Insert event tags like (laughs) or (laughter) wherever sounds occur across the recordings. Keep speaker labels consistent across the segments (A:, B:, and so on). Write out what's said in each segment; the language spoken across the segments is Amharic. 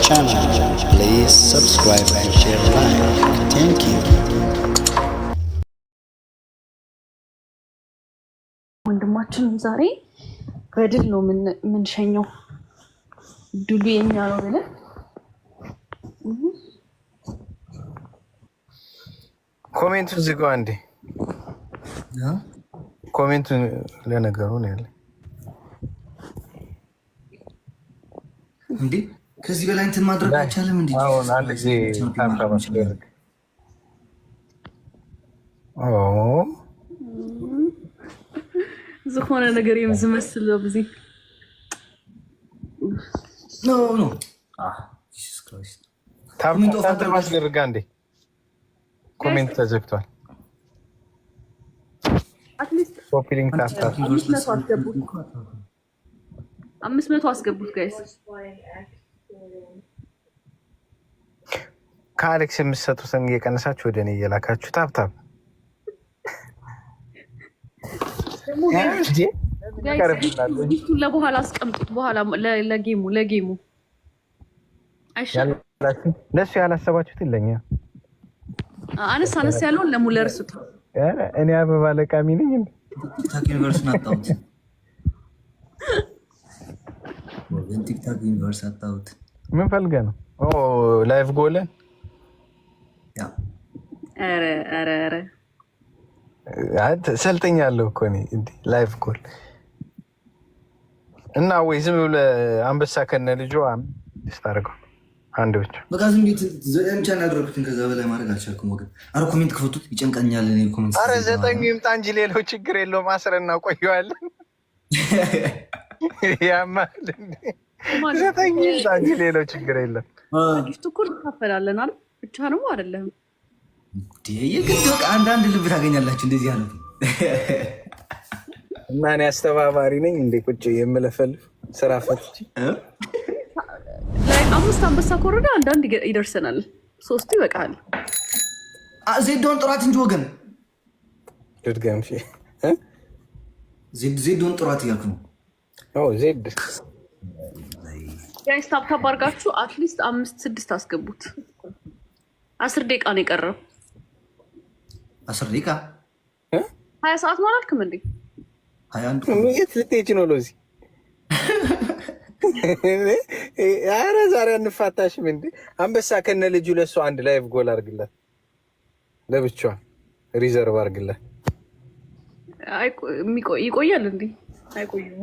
A: channel. Please subscribe and share like. Thank you.
B: ወንድማችንም ዛሬ በድል ነው የምንሸኘው። ድሉ የኛ ነው ብለን
C: ኮሜንቱ እዚህ ጋር ኮሜንቱ ለነገሩ ነው ያለ
D: እንዴ ከዚህ በላይ እንትን ማድረግ አይቻልም።
C: እንዲ
B: ዝኾነ ነገር እዮም ዝመስል ብዚ
C: ታብታባት ዝርጋ እንዴ ኮሜንት ተዘግቷል።
B: አምስት መቶ አስገቡት ጋይስ
C: ከአሌክስ የምትሰጡትን እየቀነሳችሁ ወደ እኔ እየላካችሁ ታብታብ
B: ጊፍቱን ለበኋላ አስቀምጡት። በኋላ ለጌሙ ለጌሙ
C: ለእሱ ያላሰባችሁትን ለኛ
B: አነስ አነስ ያለውን ለሙላ እርሱት።
C: እኔ አበባ ለቃሚ ነኝ እንዴ?
D: ቲክታክ (laughs) ዩኒቨርስ አጣሁት።
C: ምን ፈልገ ነው? ላይፍ ጎልን ሰልጠኛለሁ እኮ እኔ ላይፍ ጎል እና ወይ ዝም ብለ አንበሳ ከነ ልጁ ስታደርገው አንድ ብቻ
D: በቃ ዝም ብቻ እናደረኩትን ከዛ በላይ ማድረግ አልቻልኩም። ወገን አረ ኮሜንት ክፈቱት፣ ይጨንቀኛል። ኮሜንት
C: አረ ዘጠኝ ይምጣ እንጂ ሌላው ችግር የለውም። አስረና ቆየዋለን (laughs) ያማል ዘጠኝ እንጂ ሌላው ችግር የለም።
B: ጊፍት እኮ እንካፈላለን አይደል? ብቻ ነው አይደለም።
D: የግድ በቃ አንዳንድ ልብ ታገኛላችሁ እንደዚህ ያሉት
C: እና እኔ አስተባባሪ ነኝ እንዴ ቁጭ የምለፈልፍ ስራ ፈትቼ
B: ላይ አምስት አንበሳ ኮረዳ አንዳንድ ይደርሰናል። ሶስቱ ይበቃል።
D: ዜዶን ጥራት እንጂ ወገን ድድጋም ዜዶን ጥራት እያልኩ ነው
C: ዜድ
B: ጋይስ ታብታብ አድርጋችሁ አትሊስት አምስት ስድስት አስገቡት። አስር ደቂቃ ነው የቀረው። አስር ደቂቃ ሀያ ሰዓት ነው አላልክም እንዴ?
D: ሀያ አንድ
C: የት ልትሄጂ ነው? ሎዚ (laughs) አረ ዛሬ አንፋታሽም እንዴ? አንበሳ ከነ ልጁ ለሱ አንድ ላይቭ ጎል አድርግላት፣ ለብቻዋ ሪዘርቭ አድርግላት።
B: ይቆያል እንዴ? አይቆይም።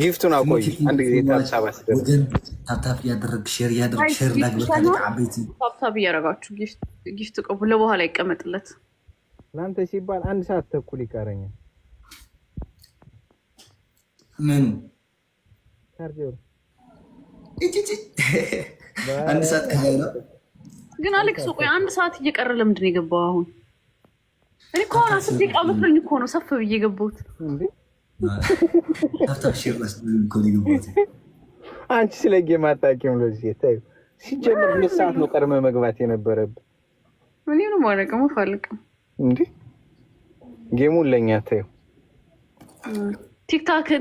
C: ጊፍቱን አቆይ አንድ ጊዜ ታብታብ
D: ታብታብ እያደረግ ሼር እያደረግ ሼር
B: ታብታብ እያደረጋችሁ ጊፍት ቀቡ ለበኋላ ይቀመጥለት
C: ለአንተ ሲባል አንድ ሰዓት ተኩል ይቀረኛል።
D: ምኑ አንድ ሰዓት ከሀያ ነው
B: ግን አሌክስ ቆይ አንድ ሰዓት እየቀረ ለምንድን የገባው አሁን? እኔ ከሆነ አስር ደቂቃ መስሎኝ እኮ ነው ሰፍ ብዬ የገባሁት።
D: (laughs)
C: አንቺ ስለ ጌም አታውቂም። ለዚህ ታዩ ሲጀምር ሁለት ሰዓት ነው ቀድመ መግባት የነበረብህ።
B: እኔ ነው ማረቀሙ ፈልቅም
C: እንዴ ጌሙን ለእኛ ታዩ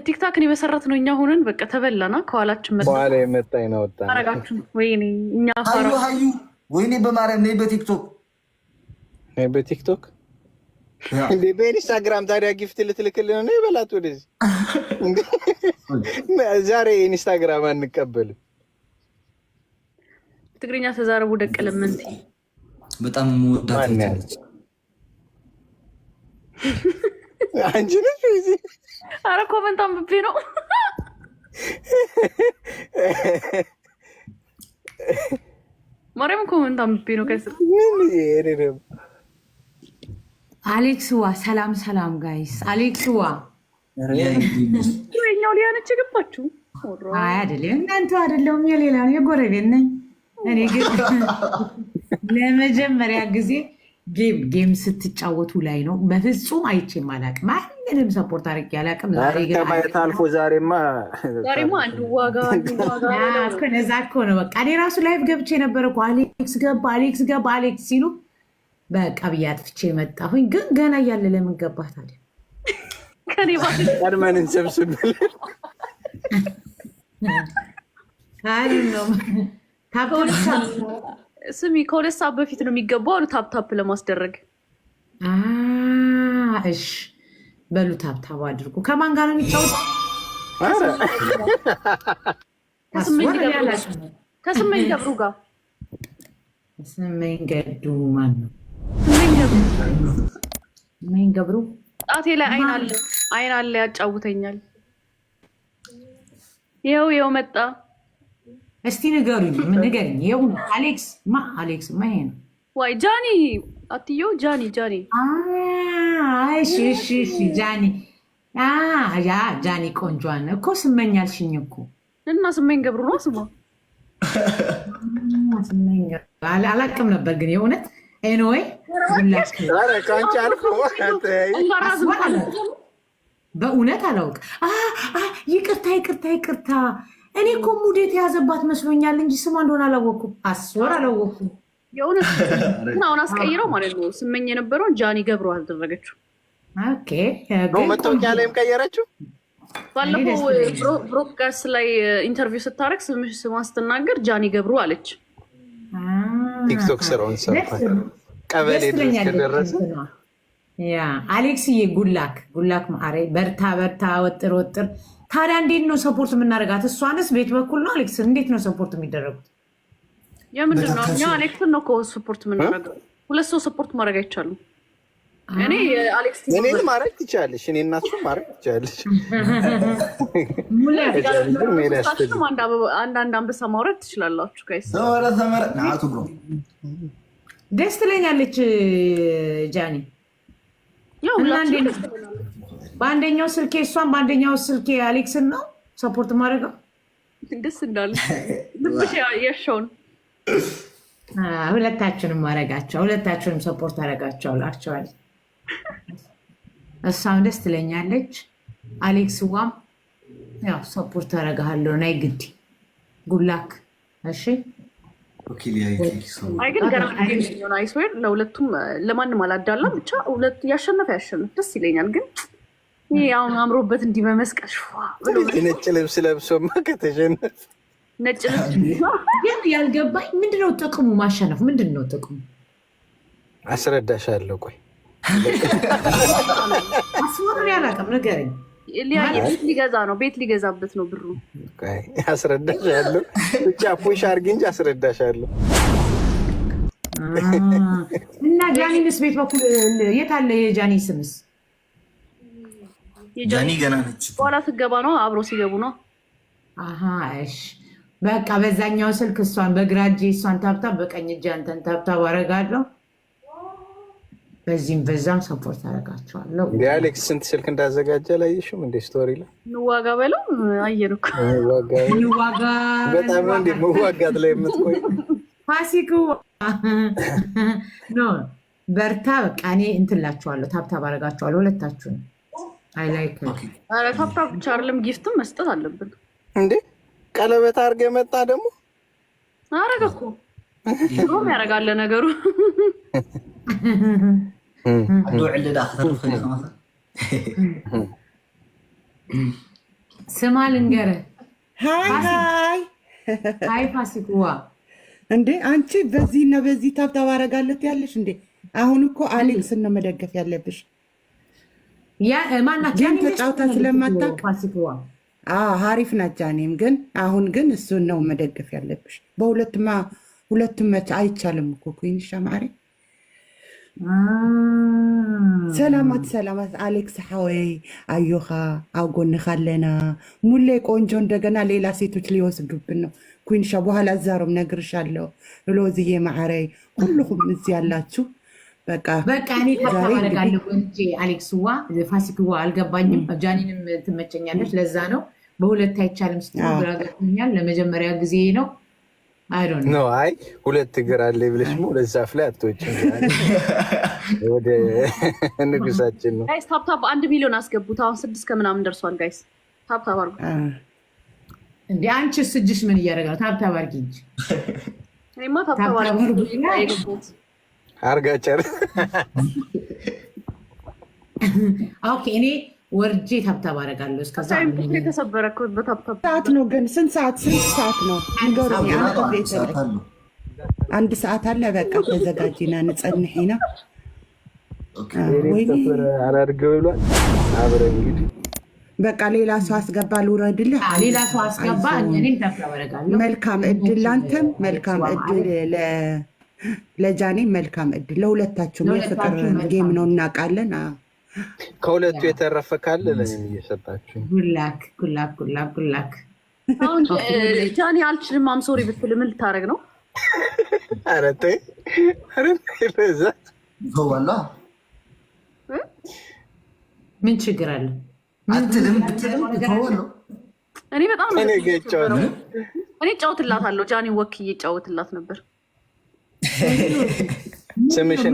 B: ቲክታክን የመሰረት ነው እኛ ሆነን በቃ ተበላና ከኋላችን
C: በኋላ የመጣ ይናወጣ
B: ወጣ ወይኔ እኛ
D: ሀዩ ወይኔ፣ በማርያም ነይ በቲክቶክ
C: ነይ በቲክቶክ እንዴ በኢንስታግራም ታዲያ ጊፍት ልትልክልን ነው? ይበላት ወደዚህ ዛሬ ኢንስታግራም አንቀበልም።
B: ትግርኛ ተዛረቡ ደቅ ለምንት
D: በጣም ወዳለች
C: (laughs) አንቺ ነሽ።
B: አረ ኮመንት አንብቤ ነው (laughs) ማርያም ኮመንት አንብቤ ነው ከስ
E: አሌክስዋ ሰላም ሰላም፣ ጋይስ አሌክስዋ
B: ኛው ሊያነች የገባችሁ
E: አይ አይደለም፣ እናንተ አደለውም የሌላ የጎረቤት ነኝ እኔ። ግን (laughs) ለመጀመሪያ ጊዜ ጌም ጌም ስትጫወቱ ላይ ነው። በፍጹም አይቼም አላቅም፣ ማንንም ሰፖርት አድርጌ አላቅም።
C: አልፎ ዛሬማ
B: ዛሬማ አንዱ ዋጋ
E: ከነዛ (laughs) ከሆነ በቃ እኔ ራሱ ላይፍ ገብቼ የነበረ አሌክስ ገባ አሌክስ ገባ አሌክስ ሲሉ በቃ ብዬ አጥፍቼ መጣሁኝ። ግን ገና እያለ ለምን ገባህ ታዲያ?
C: ቀድመን እንሰብስብልን
B: ስሚ ከሁለት ሰዓት በፊት ነው የሚገባው አሉ ታፕታፕ ለማስደረግ።
E: እሺ በሉ ታፕታፕ አድርጉ። ከማን ጋር ነው የሚጫወተው?
B: ከስመኝ ገብሩ ጋር።
E: ከስመኝ ገዱ ማን ነው? ምን ገብሩ
B: ጣቴ ላይ አይን አለ አይን አለ ያጫውተኛል። ይኸው ይኸው መጣ።
E: እስቲ ንገሩኝ፣ ንገርኝ። ይኸው አሌክስ ማ አሌክስ ማ ይሄ ነው
B: ወይ ጃኒ አትዮ ጃኒ ጃኒ
E: እሺ እሺ እሺ ጃኒ ያ ጃኒ ቆንጆ አለ እኮ ስመኝ አልሽኝ እኮ
B: እና ስመኝ ገብሩ ነው ስማ
E: አላቅም ነበር ግን የእውነት ኤንወይ በእውነት አላውቅም። ይቅርታ ይቅርታ ይቅርታ። እኔ እኮ ሙድ የተያዘባት መስሎኛል እንጂ ስሟ እንደሆነ አላወኩም። አስወር አላወኩም።
B: የእውነት አሁን አስቀይረው ማለት ነው። ስመኝ የነበረውን ጃኒ ገብሮ አልደረገችው።
C: መታወቂያ ላይም ቀየረችው።
B: ባለፈው ብሮድካስት ላይ ኢንተርቪው ስታደርግ ስሟን ስትናገር ጃኒ ገብሩ አለች።
C: Ah, ቲክቶክ ስራውን ሰርቷል። ቀበሌ ድረስ
E: አሌክስዬ ጉላክ ጉላክ ማሬ በርታ በርታ ወጥር ወጥር። ታዲያ እንዴት ነው ሰፖርት የምናደርጋት? እሷንስ ቤት በኩል ነው አሌክስ፣ እንዴት ነው ሰፖርት የሚደረጉት?
B: የምንድን ነው አሌክስን ነው ሰፖርት የምናደርገው። ሁለት ሰው ሰፖርት ማድረግ አይቻሉም። እኔ
C: ማድረግ ትችላለሽ። እኔ እና እሱን ማድረግ ትችላለሽ።
B: አንዳንድ አንበሳ ማውረድ ትችላላችሁ።
E: ደስ ትለኛለች ጃኒ። በአንደኛው ስልኬ እሷን፣ በአንደኛው ስልኬ አሌክስን ነው ሰፖርት ማድረገው።
B: ደስ እንዳለ የሻውን
E: ሁለታችንም አረጋቸው፣ ሁለታችንም ሰፖርት አረጋቸው ላቸዋል እሷም ደስ ትለኛለች። አሌክስዋም ያው ሰፖርት አደርግሃለሁ። ናይ ግዲ ጉላክ። እሺ
B: ለሁለቱም ለማንም አላዳላም። ብቻ ያሸነፈ ያሸነፍ ደስ ይለኛል። ግን ይህ አሁን አምሮበት እንዲህ በመስቀል
C: ነጭ ልብስ ለብሶ ከተሸነፈ
B: ነጭ ልብስ
E: ግን ያልገባኝ ምንድነው ጥቅሙ? ማሸነፍ ምንድን ነው ጥቅሙ?
C: አስረዳሻለሁ ቆይ
E: አስወርን ያላቅም ንገረኝ።
B: ሊገዛ ነው ቤት ሊገዛበት ነው ብሩ።
C: አስረዳሽ ያለ ብቻ ፑሽ አድርጊ እንጂ አስረዳሽ አስረዳሻለሁ።
E: እና ጃኒንስ ቤት በኩል የት አለ? የጃኒ ስምስ
D: ጃኒ ገና ነች።
B: በኋላ ስገባ ነው አብሮ ሲገቡ ነው።
E: እሺ በቃ በዛኛው ስልክ እሷን በግራ እጄ እሷን ታብታብ፣ በቀኝ እጄ አንተን ታብታብ አደርጋለሁ። በዚህም በዛም ሰፖርት አደርጋቸዋለሁ።
C: እንደ አሌክስ ስንት ስልክ እንዳዘጋጀ አላየሽም? እንደ ስቶሪ ላይ
B: እንዋጋ በለው አየር እኮ
C: በጣም እንደ መዋጋት ላይ የምትቆይ
E: ፋሲክ ኖ በርታ። በቃ እኔ እንትላችኋለሁ፣ ታብታብ አደርጋችኋለሁ ሁለታችሁን። አይ ላይክ
B: ታብታብ ብቻ አይደለም ጊፍትም መስጠት አለብን
C: እንዴ። ቀለበት አድርገ መጣ ደግሞ
B: አረገ እኮ ድሮም ያደርጋለ ነገሩ
D: ዓዲ ውዕሊ ክተርፍ
E: ስማ ልንገረ
C: ሃይ
E: ሃይ ፋሲክዋ እንዴ አንቺ በዚህ እና በዚህ ታብ ታባረጋለት ያለሽ እንዴ? አሁን እኮ አሌክስ ነው መደገፍ ያለብሽ። ያማናችን ተጫውታ ስለማታውቅ ሀሪፍ ናት ጃኔም፣ ግን አሁን ግን እሱን ነው መደገፍ ያለብሽ። በሁለቱም አይቻልም እኮ ኩንሻ ማርያም ሰላማት ሰላማት አሌክስ ሓወይ ኣዮኻ ኣብ ጎንካ ኣለና ሙሌ ቆንጆ እንደገና ሌላ ሴቶች ሊወስዱብን ነው ኩንሻ በኋላ እዛሮም ነግርሻ ኣሎ ሎዝዬ ማዕረይ ኩልኩም እዚ ኣላችሁ በቃ በቃ እኔ እንጂ አሌክስዋ ፋሲክዋ አልገባኝም። ጃኒንም ትመቸኛለች። ለዛ ነው በሁለት አይቻልም ለመጀመሪያ ጊዜ ነው።
C: ኖ አይ ሁለት እግር አለ ብለሽ ሞ ለዛፍ ላይ አቶች ወደ ንጉሳችን ነው
B: ጋይስ። ታፕታፕ አንድ ሚሊዮን አስገቡት። አሁን ስድስት ከምናምን ደርሷል ጋይስ። ታፕታፕ አርጉ
E: እንዲ አንቺ ስጅሽ ምን እያደረጋ ነው? ታፕታፕ አርጊ እንጂ
B: እኔማ ታፕታፕ
C: አርጋቸር
E: ኦኬ እኔ ወርጄ ታብታብ አደርጋለሁ።
B: እስከዛተሰበረበት
E: ሰዓት ነው ግን ስንት ሰዓት ስንት ሰዓት ነው አንድ ሰዓት አለ። በቃ ተዘጋጅና ንጸንሒና አላድርገው በቃ ሌላ ሰው አስገባ፣ ልውረድልህ።
B: ሌላ ሰው አስገባ።
E: መልካም እድል ላንተም፣ መልካም እድል ለጃኔ፣ መልካም እድል ለሁለታችሁም። የፍቅር ጌም ነው እናውቃለን።
C: ከሁለቱ የተረፈ ካለ ለእኔም
E: ጉላክ ጉላክ ጉላክ ጉላክ።
B: ጃኒ አልችልም አምሶሪ ብትል ምን ልታደርግ ነው?
C: ኧረ (laughs) ተይ ኧረ ተይ
D: በዛ
E: ምን ችግር አለ?
D: አትልም ብትልም ነው
B: እኔ በጣም እኔ እጫወትላታለሁ። ጃኒ ወክ እየጫወትላት ነበር።
C: ስምሽን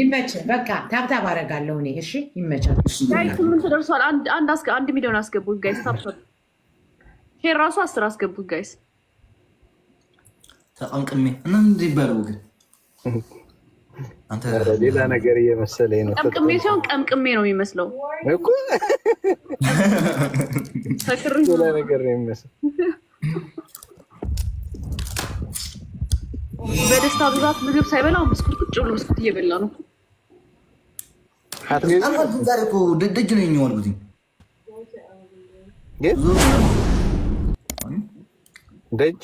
E: ይመች በቃ ታብታብ አደርጋለሁ እኔ። እሺ ይመቻል።
B: ደርሷል። አንድ ሚሊዮን አስገቡ ጋይስ። ይሄ ራሱ አስር አስገቡት ጋይስ።
D: ተቀምቅሜ እና እንዲበሩ ግን
C: ሌላ ነገር እየመሰለኝ ነው።
B: ቀምቅሜ ሲሆን ቀምቅሜ ነው የሚመስለው። ሌላ ነገር ነው የሚመስለው (laughs) በደስታ ብዛት ምግብ ሳይበላ ብስኩት ቁጭ ብሎ ብስኩት እየበላ ነው።
D: ደጅ ነው የሚወልጉት። ደጅ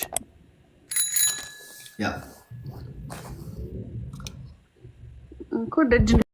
D: እኮ ደጅ ነው።